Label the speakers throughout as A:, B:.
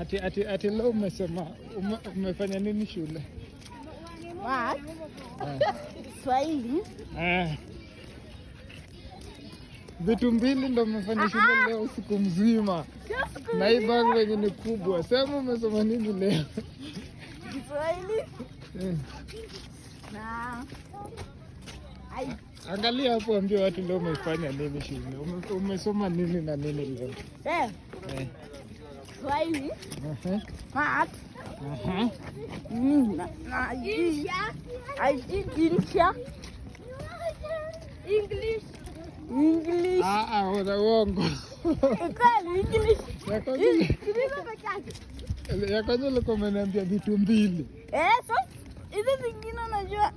A: Ati, ati, ati leo umesema ume, umefanya nini shule?
B: What? Eh. Swahili.
A: Eh. Vitu mbili ndo umefanya shule leo siku mzima. Na hii bango yenye ni kubwa. Sema umesoma nini leo?
B: Kiswahili. Eh. Na
A: Ai. Angalia hapo, ambie watu leo umefanya nini shule. Umesoma nini na nini leo?
B: Eh. eh kwa hivi mat I English English ah
A: ah, una uongo ya kwanza ulikuwa umeniambia vitu mbili
B: eh, hizi zingine unajua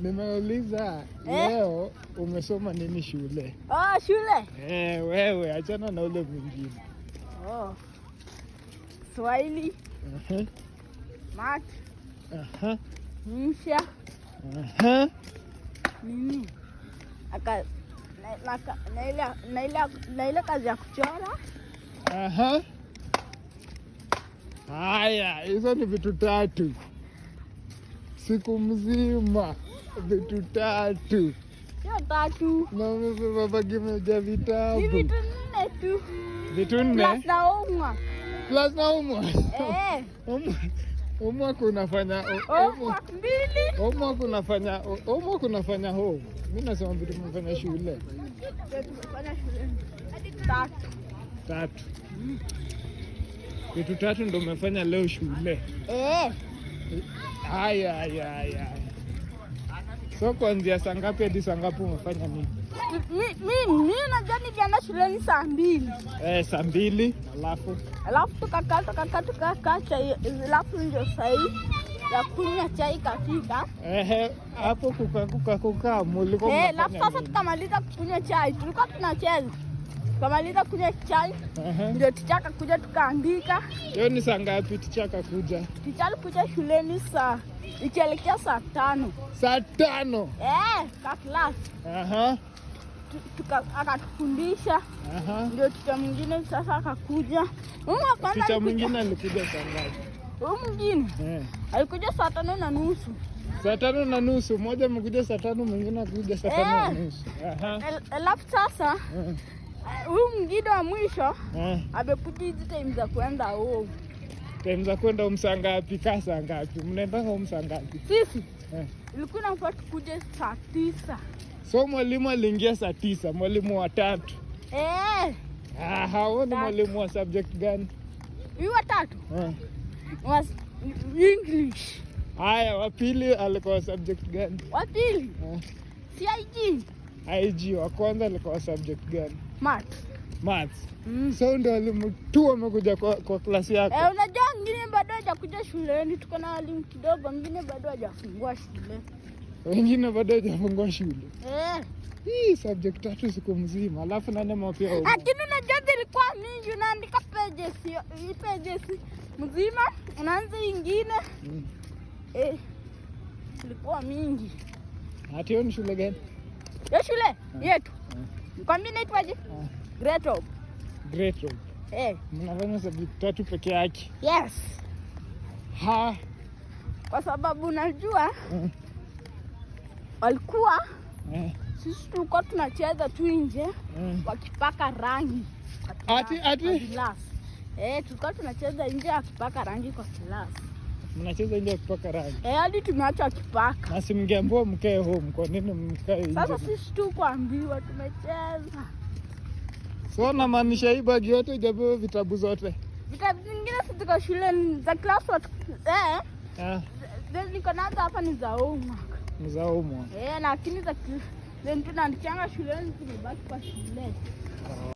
A: Nimeuliza eh? leo umesoma nini shule?
B: Oh, shule.
A: Eh, wewe achana na ule mwingine.
B: Oh. Kiswahili uh-huh. Nini mm. aka na ile kazi ya kuchora
A: Haya, hizo ni vitu tatu siku mzima, vitu tatu
B: sio tatu.
A: Mama, baba kimeja vitabu,
B: vitu nne tu,
A: vitu nne lazima homework
B: eh.
A: unafanya homework oh, unafanya homework unafanya home. Mimi nasema vitu mnafanya shule tatu, Tatu. vitu tatu ndio umefanya leo shule. Eh. Haya, haya, haya. So kuanzia saa ngapi hadi saa ngapi umefanya nini?
B: mi nadhani jana shuleni saa mbili
A: eh, saa mbili alafu
B: alafu tukakaa tukakaa tukakaa chai, alafu ndio sahii ya kunywa chai kafika
A: hapo kukaa kukaa kukaa mulikuwa eh, alafu
B: sasa tukamaliza kunywa chai, tulikuwa tunacheza tukamaliza kunywa chai ndio tichaka kuja tukaandika.
A: Hiyo ni saa ngapi tichaka kuja?
B: Tichaka kuja shuleni saa ikielekea saa tano,
A: saa tano
B: eh, ka class. Aha akatufundisha ndio. Ticha mwingine sasa akakuja.
A: Ticha mwingine alikuja saa ngapi?
B: Huyu mwingine eh. alikuja saa tano na nusu.
A: Saa tano na nusu, mmoja amekuja saa tano, mwingine alikuja saa tano na eh. nusu.
B: Alafu sasa eh. huyu mwingine wa mwisho amekuja hizi time za kuenda home.
A: Time za kwenda home saa ngapi? Kaa saa ngapi? Mnaenda home saa ngapi?
B: Sisi ilikuwa nafaa tukuja saa tisa.
A: So mwalimu aliingia saa tisa, mwalimu wa tatu.
B: Eh.
A: Ah, hao ni mwalimu wa subject gani?
B: Huyu wa tatu. Eh. Was English.
A: Haya, wa pili alikuwa subject gani?
B: Wa pili. Eh. CIG.
A: IG wa kwanza alikuwa subject gani? Math. Maths. Mm. So ndo walimu tu wamekuja kwa, kwa klasi yako.
B: Eh, unajua ngine bado hajakuja shuleni, tuko na walimu kidogo, ngine bado hajafungua shule
A: wengine bado hajafungua shule eh. Hii subject tatu siku mzima, alafu nane mapya.
B: Lakini unajua zilikuwa mingi, unaandika pages hii pages mzima, unaanza ingine mm. Eh, ilikuwa mingi.
A: Hata hiyo ni shule gani?
B: Hiyo shule ah. yetu ah. kwa mimi naitwaje? ah. Great Hope. Great Hope. Eh.
A: Mnafanya subject tatu peke yake? Yes. Ha.
B: Kwa sababu unajua ah. Eh walikuwa mm. Sisi tulikuwa tunacheza tu nje mm. wakipaka rangi ati ati eh, tulikuwa tunacheza nje wakipaka rangi kwa kilasi
A: Mnacheza nje akipaka rangi
B: eh, hadi tumeacha wakipaka.
A: Basi si mkae home, kwa nini mkae nje? Sasa
B: sisi tu kuambiwa tumecheza.
A: So na maanisha hii bagi yote ijapewa vitabu zote,
B: vitabu zingine ziko shule za class eh, ah, niko nazo hapa ni za umma mzaumwa. Eh, lakini za ndio tunaandikianga shuleni, tunabaki kwa shule.